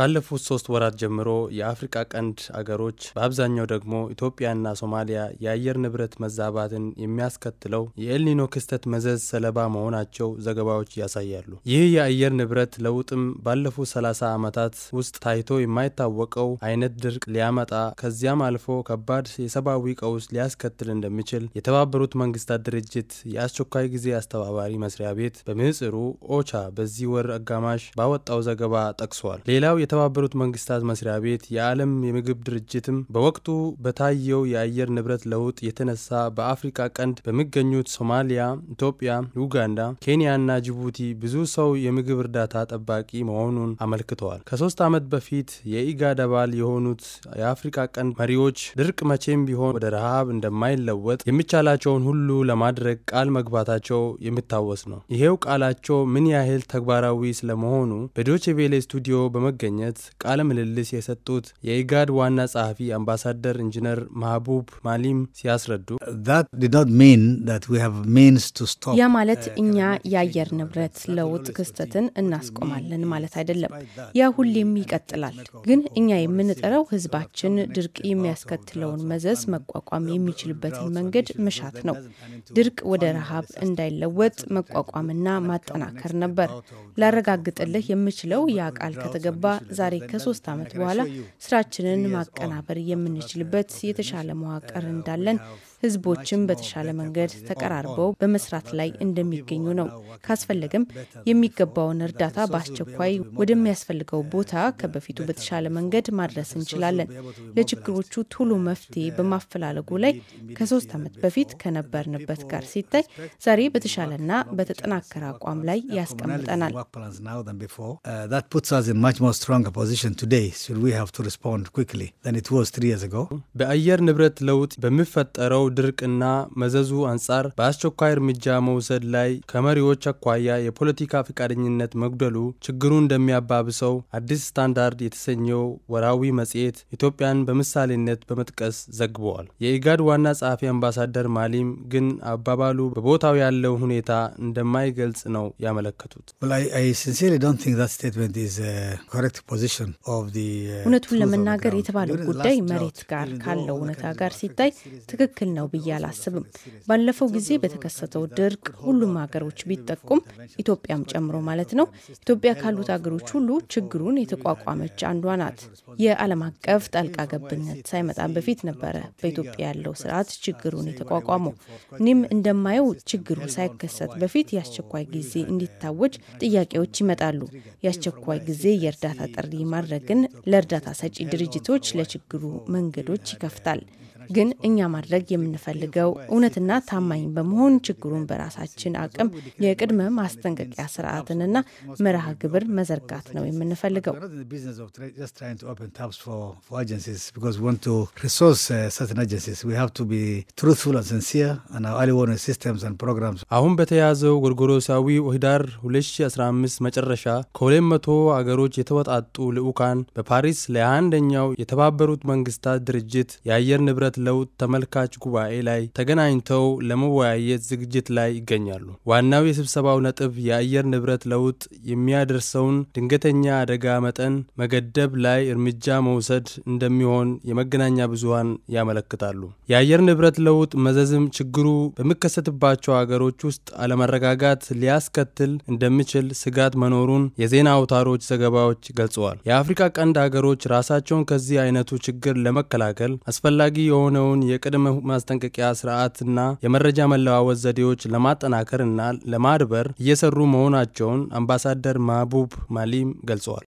ካለፉት ሶስት ወራት ጀምሮ የአፍሪቃ ቀንድ አገሮች በአብዛኛው ደግሞ ኢትዮጵያና ሶማሊያ የአየር ንብረት መዛባትን የሚያስከትለው የኤልኒኖ ክስተት መዘዝ ሰለባ መሆናቸው ዘገባዎች ያሳያሉ። ይህ የአየር ንብረት ለውጥም ባለፉት 30 ዓመታት ውስጥ ታይቶ የማይታወቀው አይነት ድርቅ ሊያመጣ ከዚያም አልፎ ከባድ የሰብአዊ ቀውስ ሊያስከትል እንደሚችል የተባበሩት መንግስታት ድርጅት የአስቸኳይ ጊዜ አስተባባሪ መስሪያ ቤት በምህጽሩ ኦቻ በዚህ ወር አጋማሽ ባወጣው ዘገባ ጠቅሷል። ሌላው የተባበሩት መንግስታት መስሪያ ቤት የዓለም የምግብ ድርጅትም በወቅቱ በታየው የአየር ንብረት ለውጥ የተነሳ በአፍሪካ ቀንድ በሚገኙት ሶማሊያ፣ ኢትዮጵያ፣ ዩጋንዳ፣ ኬንያና ጅቡቲ ብዙ ሰው የምግብ እርዳታ ጠባቂ መሆኑን አመልክተዋል። ከሶስት ዓመት በፊት የኢጋድ አባል የሆኑት የአፍሪካ ቀንድ መሪዎች ድርቅ መቼም ቢሆን ወደ ረሃብ እንደማይለወጥ የሚቻላቸውን ሁሉ ለማድረግ ቃል መግባታቸው የሚታወስ ነው። ይሄው ቃላቸው ምን ያህል ተግባራዊ ስለመሆኑ በዶቼ ቬሌ ስቱዲዮ በመገኘት ለማግኘት ቃለ ምልልስ የሰጡት የኢጋድ ዋና ጸሐፊ አምባሳደር ኢንጂነር ማህቡብ ማሊም ሲያስረዱ ያ ማለት uh, እኛ የአየር ንብረት ለውጥ ክስተትን እናስቆማለን ማለት አይደለም። ያ ሁሌም ይቀጥላል። ግን እኛ የምንጥረው ህዝባችን ድርቅ የሚያስከትለውን መዘዝ መቋቋም የሚችልበትን መንገድ መሻት ነው። ድርቅ ወደ ረሃብ እንዳይለወጥ መቋቋምና ማጠናከር ነበር። ላረጋግጥልህ የምችለው ያ ቃል ከተገባ ዛሬ ከሶስት ዓመት በኋላ ስራችንን ማቀናበር የምንችልበት የተሻለ መዋቅር እንዳለን ህዝቦችም በተሻለ መንገድ ተቀራርበው በመስራት ላይ እንደሚገኙ ነው። ካስፈለገም የሚገባውን እርዳታ በአስቸኳይ ወደሚያስፈልገው ቦታ ከበፊቱ በተሻለ መንገድ ማድረስ እንችላለን። ለችግሮቹ ቶሎ መፍትሄ በማፈላለጉ ላይ ከሶስት ዓመት በፊት ከነበርንበት ጋር ሲታይ ዛሬ በተሻለና በተጠናከረ አቋም ላይ ያስቀምጠናል። stronger position today should we have to respond quickly than it was three years ago? በአየር ንብረት ለውጥ በሚፈጠረው ድርቅና መዘዙ አንጻር በአስቸኳይ እርምጃ መውሰድ ላይ ከመሪዎች አኳያ የፖለቲካ ፈቃደኝነት መጉደሉ ችግሩ እንደሚያባብሰው አዲስ ስታንዳርድ የተሰኘው ወራዊ መጽሔት ኢትዮጵያን በምሳሌነት በመጥቀስ ዘግበዋል። የኢጋድ ዋና ጸሐፊ አምባሳደር ማሊም ግን አባባሉ በቦታው ያለው ሁኔታ እንደማይገልጽ ነው ያመለከቱት። እውነቱን ለመናገር የተባለው ጉዳይ መሬት ጋር ካለው እውነታ ጋር ሲታይ ትክክል ነው ብዬ አላስብም። ባለፈው ጊዜ በተከሰተው ድርቅ ሁሉም ሀገሮች ቢጠቁም ኢትዮጵያም ጨምሮ ማለት ነው። ኢትዮጵያ ካሉት ሀገሮች ሁሉ ችግሩን የተቋቋመች አንዷ ናት። የዓለም አቀፍ ጣልቃ ገብነት ሳይመጣ በፊት ነበረ በኢትዮጵያ ያለው ስርዓት ችግሩን የተቋቋመው። እኔም እንደማየው ችግሩ ሳይከሰት በፊት የአስቸኳይ ጊዜ እንዲታወጅ ጥያቄዎች ይመጣሉ። የአስቸኳይ ጊዜ የእርዳታ ጥሪ ማድረግን ለእርዳታ ሰጪ ድርጅቶች ለችግሩ መንገዶች ይከፍታል። ግን እኛ ማድረግ የምንፈልገው እውነትና ታማኝ በመሆን ችግሩን በራሳችን አቅም የቅድመ ማስጠንቀቂያ ስርዓትንና መርሃ ግብር መዘርጋት ነው የምንፈልገው። uh, አሁን በተያዘው ጎርጎሮሳዊ ህዳር 2015 መጨረሻ ከ200 አገሮች የተወጣ የተውጣጡ ልዑካን በፓሪስ ለአንደኛው የተባበሩት መንግስታት ድርጅት የአየር ንብረት ለውጥ ተመልካች ጉባኤ ላይ ተገናኝተው ለመወያየት ዝግጅት ላይ ይገኛሉ። ዋናው የስብሰባው ነጥብ የአየር ንብረት ለውጥ የሚያደርሰውን ድንገተኛ አደጋ መጠን መገደብ ላይ እርምጃ መውሰድ እንደሚሆን የመገናኛ ብዙኃን ያመለክታሉ። የአየር ንብረት ለውጥ መዘዝም ችግሩ በሚከሰትባቸው አገሮች ውስጥ አለመረጋጋት ሊያስከትል እንደሚችል ስጋት መኖሩን የዜና አውታሮች ዘገባዎች ገልጸዋል። ገልጸዋል። የአፍሪካ ቀንድ ሀገሮች ራሳቸውን ከዚህ አይነቱ ችግር ለመከላከል አስፈላጊ የሆነውን የቅድመ ማስጠንቀቂያ ስርዓትና የመረጃ መለዋወጥ ዘዴዎች ለማጠናከር እና ለማድበር እየሰሩ መሆናቸውን አምባሳደር ማቡብ ማሊም ገልጸዋል።